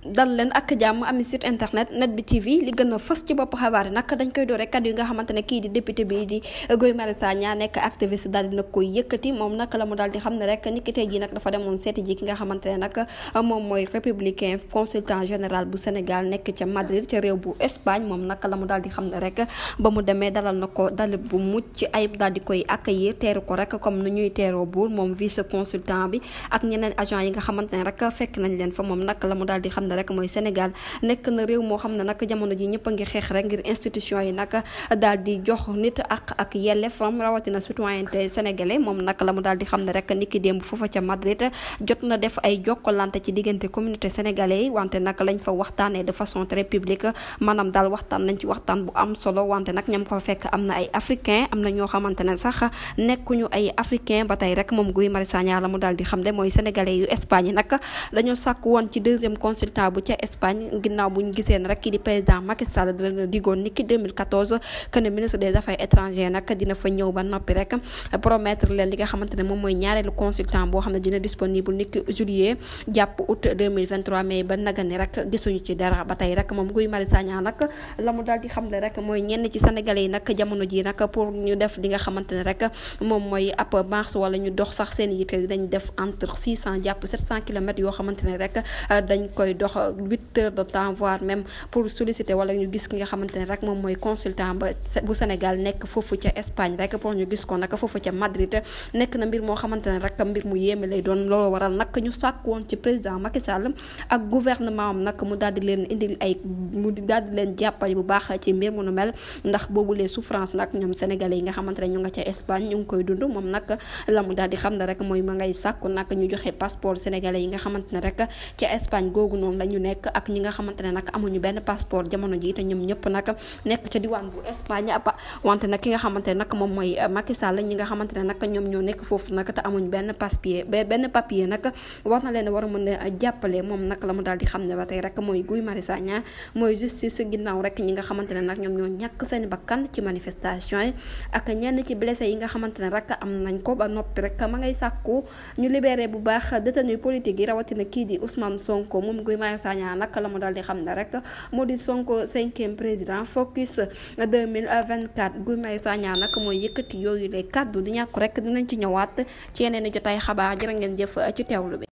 dal leen ak jàmm ami site internet net bi tv li gën a fës ci bopp xabaar yi nag dañ koy doore kàddu yi nga xamante ne kii di député bi di Guy Marius Sagna nekk activiste daal dina koy yëkkati moom nag la mu daal di xam ne rek niki tey ji nag dafa demoon seeti ki nga xamante ne moom mooy républicain consultant général bu Sénégal nekk ca Madrid ca réew bu Espagne moom nag la mu daal di xam ne rek ba mu demee dalal na ko dal bu mucc ayib daal di koy accueillir teeru ko rek comme nu ñuy teeroo buur moom vice consultant bi ak ñeneen agent yi nga xamante ne rek fekk nañ leen fa moom nag la mu daal di xam ne rek mooy Sénégal nekk na réew moo xam ne nag jamono ji ñëpp a ngi xeex rek ngir institution yi nag daal di jox nit ak ak yelleefam rawatina citoyenneté sénégalais moom nag la mu daal di xam ne rek niki démb foofa ca Madrid jot na def ay jokkalante ci diggante communauté sénégalais yi wante nag lañ fa waxtaanee de façon très publique maanaam daal waxtaan lañ ci waxtaan bu am solo wante nag ñam ko fekk am na ay africain am na ñoo xamante ne sax nekkuñu ay africain ba tey rek moom Guy Marius Sagna la mu daal di xam ne mooy sénégalais yu Espagne nag dañoo sàkk woon ci deuxième état bu ca Espagne ginnaaw bu ñu gisee ne rek kii di président Macky Sall di leen digoon ni ki 2014 que ne ministre des affaires étrangères nag dina fa ñëw ba noppi rek promettre leen li nga xamante moom mooy ñaareelu consultant boo xam ne dina disponible ni ki juillet jàpp août 2023 ba naga ni rek gisuñu ci dara ba tey rek moom Guy Marius Sagna nag la mu di xamle ne rek moom mooy ab marche wala ñu dox sax seen yitte dañ def entre jàpp 700 yoo xamante ne rek jox huit heures de temps voire même pour solliciter wala ñu gis ki nga xamante ne rek moom mooy consultant ba bu Sénégal nekk foofu ca Espagne rek pour ñu gis ko nag foofu ca Madrid nekk na mbir moo xamante ne rek mbir mu yéeme lay doon loolu waral nag ñu sàkk woon ci président Macky Sall ak gouvernement nag mu daal di leen indil ay mu daal di leen jàppale bu baax ci mbir mu nu mel ndax boobu les souffrances nag ñoom sénégalais yi nga xamante ne ñu nga ca Espagne ñu ngi koy dund moom nag la mu daal di xam ne rek mooy ma ngay sàkku naka ñu joxe passeport sénégale yi nga xamante ne rek ca googu noonu la ñu nekk ak ñi nga xamante ne nag amuñu ne nag moom mooy euh, Macky Sall ne nag ñoo nekk foofu nag te amuñu benn papier benn na la mu daal di xam ne ba tey rek mooy Guy Marius Sagna mooy justice ginnaaw rek ñi nga xamante ne nag ñoom ñoo ñàkk seen bakkan ci manifestation yi yi nga xamante ne rek am nañ ko ba noppi rek ma ngay sàkku ñu libéré bu baax détenu politique yi rawatina kii di Ousmane Sonko moom Guy Ismaïla Sagna nag la mu dal di xam ne rek moo di Sonko cinquième président focus 2024 Guy Marius Sagna nag mooy yëkkati yooyu les kàddu di ñàkk rek dinañ ci ñëwaat ci yeneen i jotaay xabaar jërë ngeen jëf ci teewlu bi.